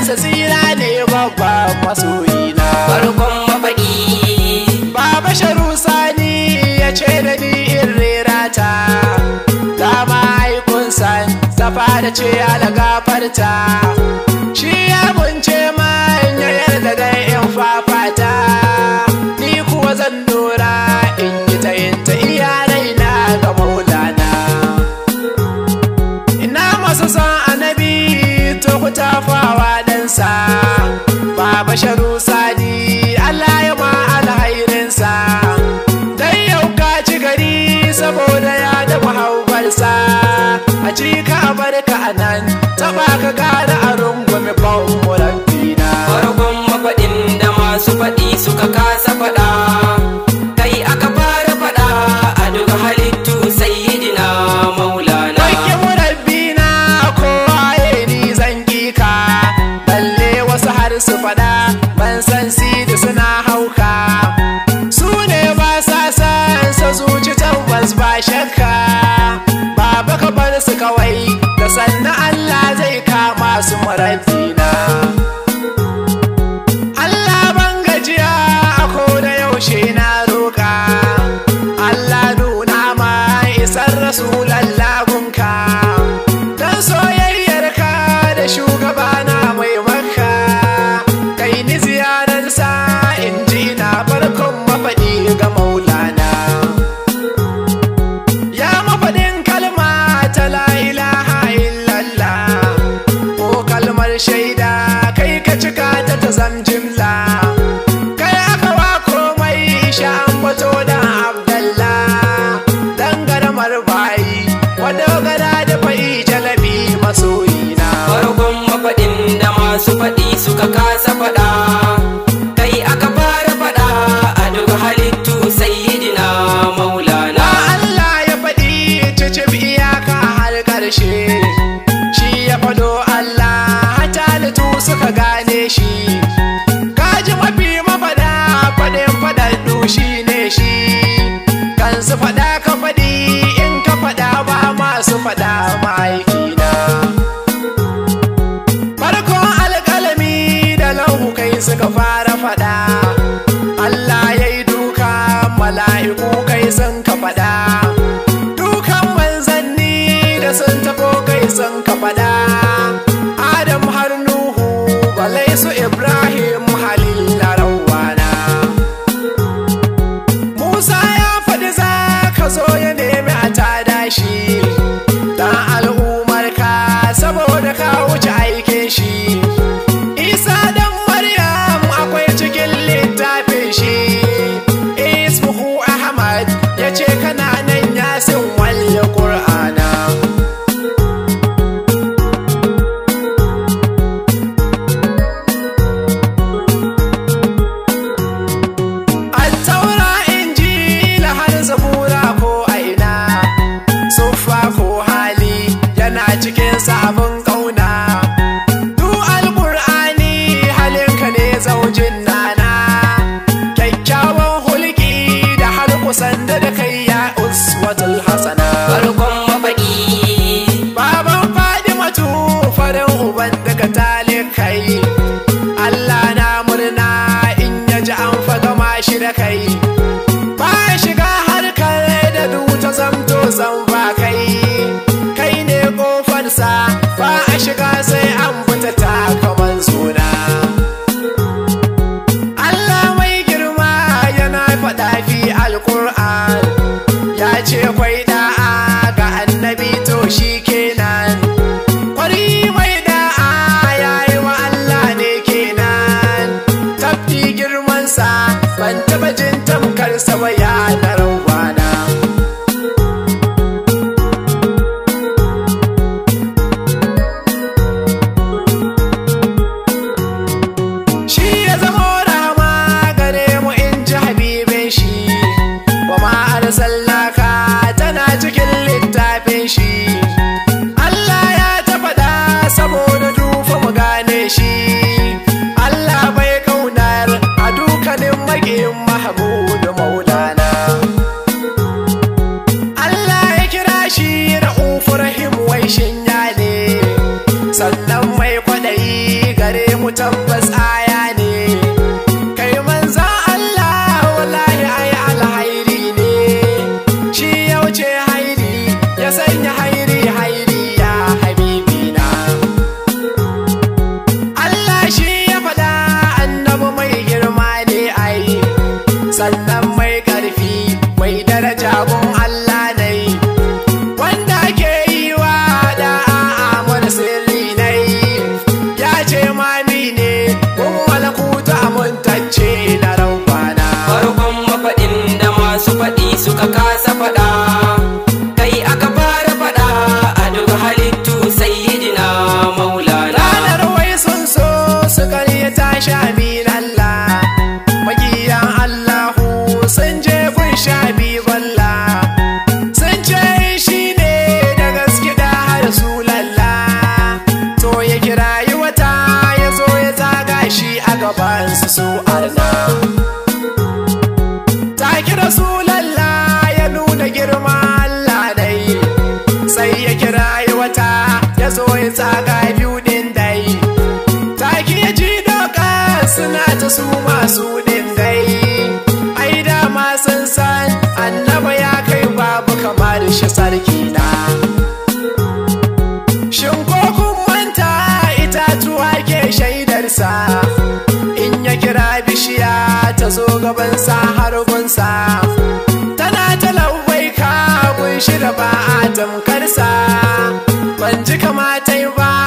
kansa tsira ne babba masoyina farkon mafaɗi baba sharu sani ya ce da ni in rera ta ga ma'aikunsa safa da ce ala lagafarta shi basharu sani Allah ya ma alhairinsa dan yau ka ci gari saboda ya dafa haukarsa a ci ka a nan taba ka gane a rungu and Deus um bye. gaban sa har gunsa tana talawai ka gunshi da ba a tamkarsa ban ji kamata ba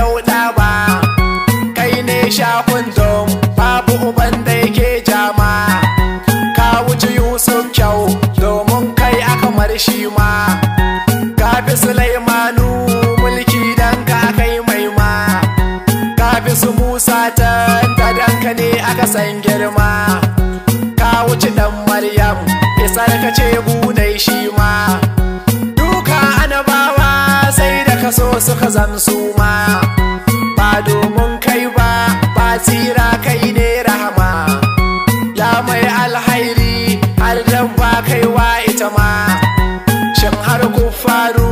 dauda ba kai ne shakun babu uban da yake jama ka wuce yusuf kyau domin kai aka mar shi ma ka fi sulaimanu mulki dan ka kai mai ma ka fi su musa ta danka ne aka san girma ka wuce dan maryam isar ka ce budai shi ma so su khazan su ma ba domin kai ba ba tsira kai ne rahama ya mai alhairi har dan ba kaiwa ita ma shin har ku faru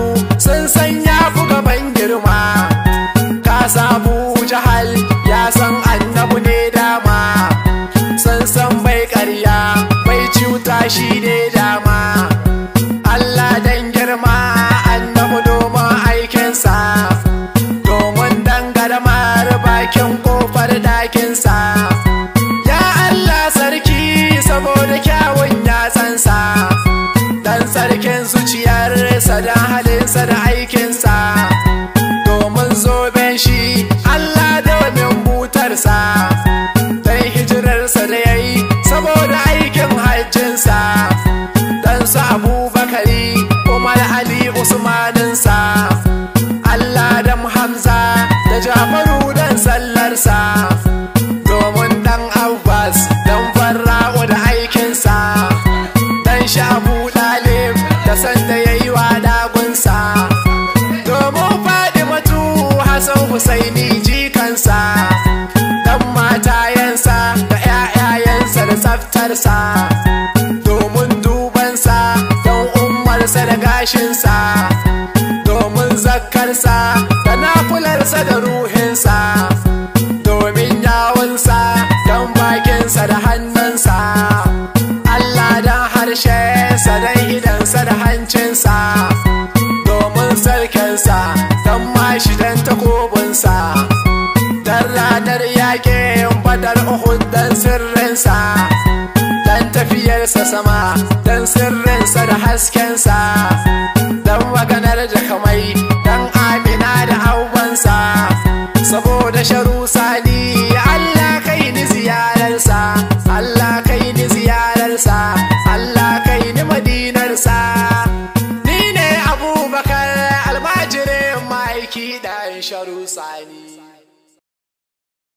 usmaninsa allah dam hamza da jafaru dan sallarsa domin dan abbas dan farra'u da aikinsa dan shabu dalib da sanda ya yayi wa sa domin faɗi matu hasan husaini jikansa dan mata matayensa da 'ya'yayensa da tsaftarsa domin dubansa don umarsa da gashinsa kusa da ruhinsa domin yawunsa don bakinsa da hannunsa Allah don harshensa don idansa da hancinsa domin sarkinsa don mashi don takobinsa don ranar yaƙin badar uhud don sirrinsa don tafiyarsa sama don sirrinsa da haskensa don maganar da